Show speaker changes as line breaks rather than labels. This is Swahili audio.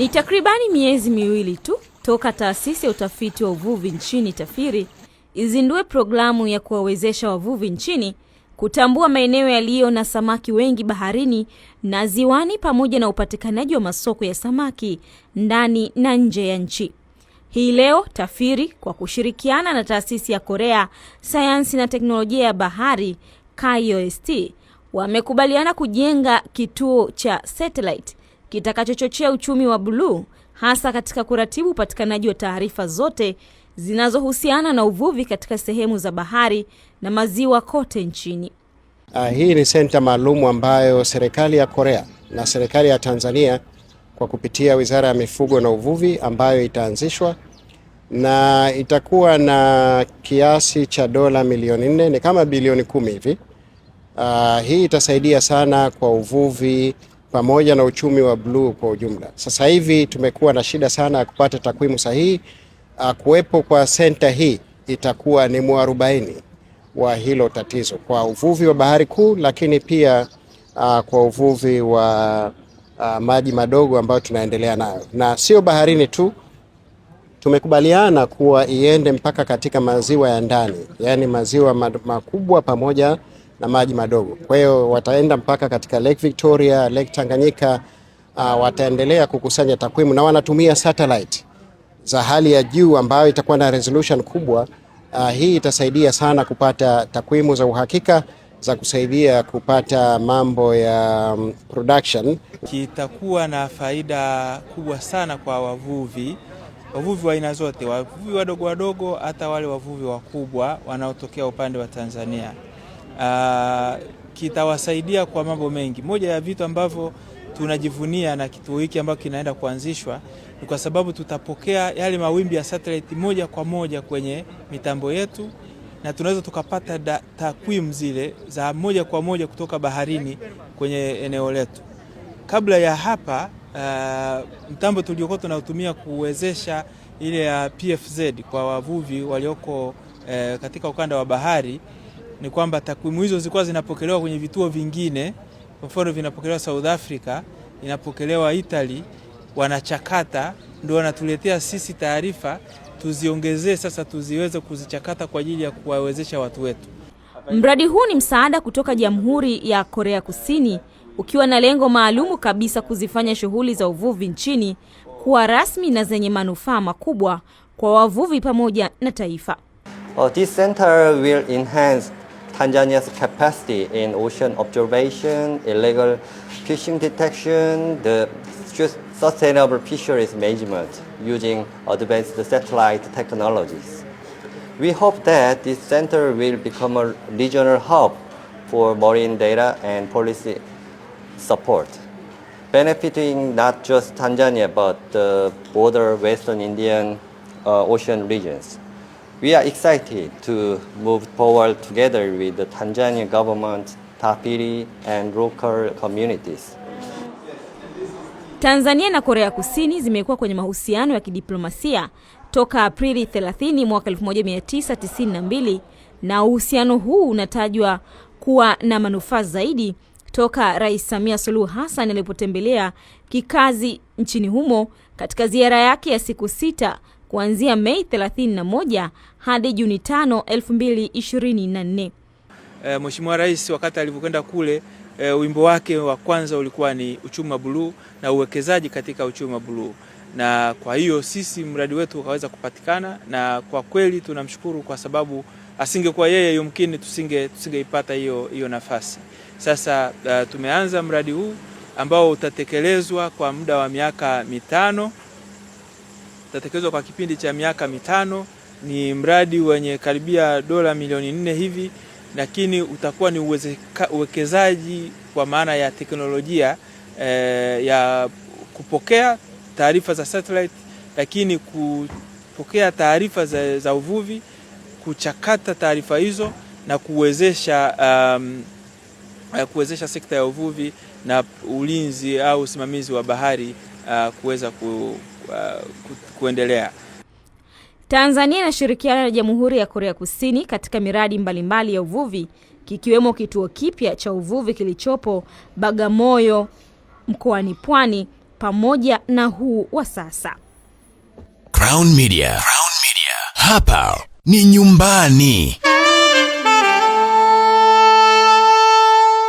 Ni takribani miezi miwili tu toka taasisi ya utafiti wa uvuvi nchini TAFIRI izindue programu ya kuwawezesha wavuvi nchini kutambua maeneo yaliyo na samaki wengi baharini na ziwani pamoja na upatikanaji wa masoko ya samaki ndani na nje ya nchi. Hii leo TAFIRI kwa kushirikiana na taasisi ya Korea sayansi na teknolojia ya bahari KIOST wamekubaliana kujenga kituo cha satellite kitakachochochea uchumi wa buluu hasa katika kuratibu upatikanaji wa taarifa zote zinazohusiana na uvuvi katika sehemu za bahari na maziwa kote nchini.
Uh, hii ni senta maalum ambayo serikali ya Korea na serikali ya Tanzania kwa kupitia Wizara ya Mifugo na Uvuvi ambayo itaanzishwa na itakuwa na kiasi cha dola milioni nne, ni kama bilioni kumi hivi. Uh, hii itasaidia sana kwa uvuvi pamoja na uchumi wa bluu kwa ujumla. Sasa hivi tumekuwa na shida sana ya kupata takwimu sahihi. Ah, kuwepo kwa senta hii itakuwa ni mwarobaini wa hilo tatizo kwa uvuvi wa bahari kuu, lakini pia uh, kwa uvuvi wa uh, maji madogo ambayo tunaendelea nayo, na sio baharini tu. Tumekubaliana kuwa iende mpaka katika maziwa ya ndani, yaani maziwa makubwa pamoja na maji madogo. Kwa hiyo wataenda mpaka katika Lake Victoria, Lake Tanganyika. Uh, wataendelea kukusanya takwimu na wanatumia satellite za hali ya juu ambayo itakuwa na resolution kubwa. Uh, hii itasaidia sana kupata takwimu za uhakika za kusaidia kupata mambo ya mm, production.
Kitakuwa na faida kubwa sana kwa wavuvi, wavuvi wa aina zote, wavuvi wadogo wadogo, hata wale wavuvi wakubwa wanaotokea upande wa Tanzania uh, kitawasaidia kwa mambo mengi. Moja ya vitu ambavyo tunajivunia na kituo hiki ambacho kinaenda kuanzishwa ni kwa sababu tutapokea yale mawimbi ya satellite moja kwa moja kwenye mitambo yetu na tunaweza tukapata takwimu zile za moja kwa moja kutoka baharini kwenye eneo letu. Kabla ya hapa uh, mtambo tuliokuwa tunatumia kuwezesha ile ya PFZ kwa wavuvi walioko uh, katika ukanda wa bahari ni kwamba takwimu hizo zilikuwa zinapokelewa kwenye vituo vingine, kwa mfano vinapokelewa South Africa, inapokelewa Italy, wanachakata ndio wanatuletea sisi taarifa tuziongezee, sasa tuziweze kuzichakata kwa ajili ya kuwawezesha watu wetu.
Mradi huu ni msaada kutoka Jamhuri ya Korea Kusini ukiwa na lengo maalumu kabisa kuzifanya shughuli za uvuvi nchini kuwa rasmi na zenye manufaa makubwa kwa wavuvi pamoja na taifa.
Well, this center will enhance Tanzania's capacity in ocean observation, illegal fishing detection, the sustainable fisheries management using advanced satellite technologies. We hope that this center will become a regional hub for marine data and policy support, benefiting not just Tanzania but the border Western Indian uh, Ocean regions. We are excited to move forward together with the Tanzania government, TAPIRI, and local communities.
Tanzania na Korea Kusini zimekuwa kwenye mahusiano ya kidiplomasia toka Aprili 30 mwaka 1992 na uhusiano huu unatajwa kuwa na manufaa zaidi toka Rais Samia Suluhu Hassan alipotembelea kikazi nchini humo katika ziara yake ya siku sita kuanzia Mei 31 hadi Juni 5, 2024.
E, Mheshimiwa Rais wakati alivyokwenda kule e, wimbo wake wa kwanza ulikuwa ni uchumi wa buluu na uwekezaji katika uchumi wa buluu, na kwa hiyo sisi mradi wetu ukaweza kupatikana, na kwa kweli tunamshukuru kwa sababu asingekuwa yeye yumkini tusinge tusingeipata hiyo hiyo nafasi. Sasa uh, tumeanza mradi huu ambao utatekelezwa kwa muda wa miaka mitano utatekelezwa kwa kipindi cha miaka mitano. Ni mradi wenye karibia dola milioni nne hivi, lakini utakuwa ni uwekezaji kwa maana ya teknolojia eh, ya kupokea taarifa za satellite, lakini kupokea taarifa za, za uvuvi, kuchakata taarifa hizo na kuwezesha um, eh, kuwezesha sekta ya uvuvi na ulinzi au usimamizi wa bahari uh, kuweza ku Uh, kuendelea.
Tanzania inashirikiana na Jamhuri ya Korea Kusini katika miradi mbalimbali ya uvuvi kikiwemo kituo kipya cha uvuvi kilichopo Bagamoyo mkoani Pwani pamoja na huu wa sasa. Crown Media. Crown Media. Hapa ni nyumbani.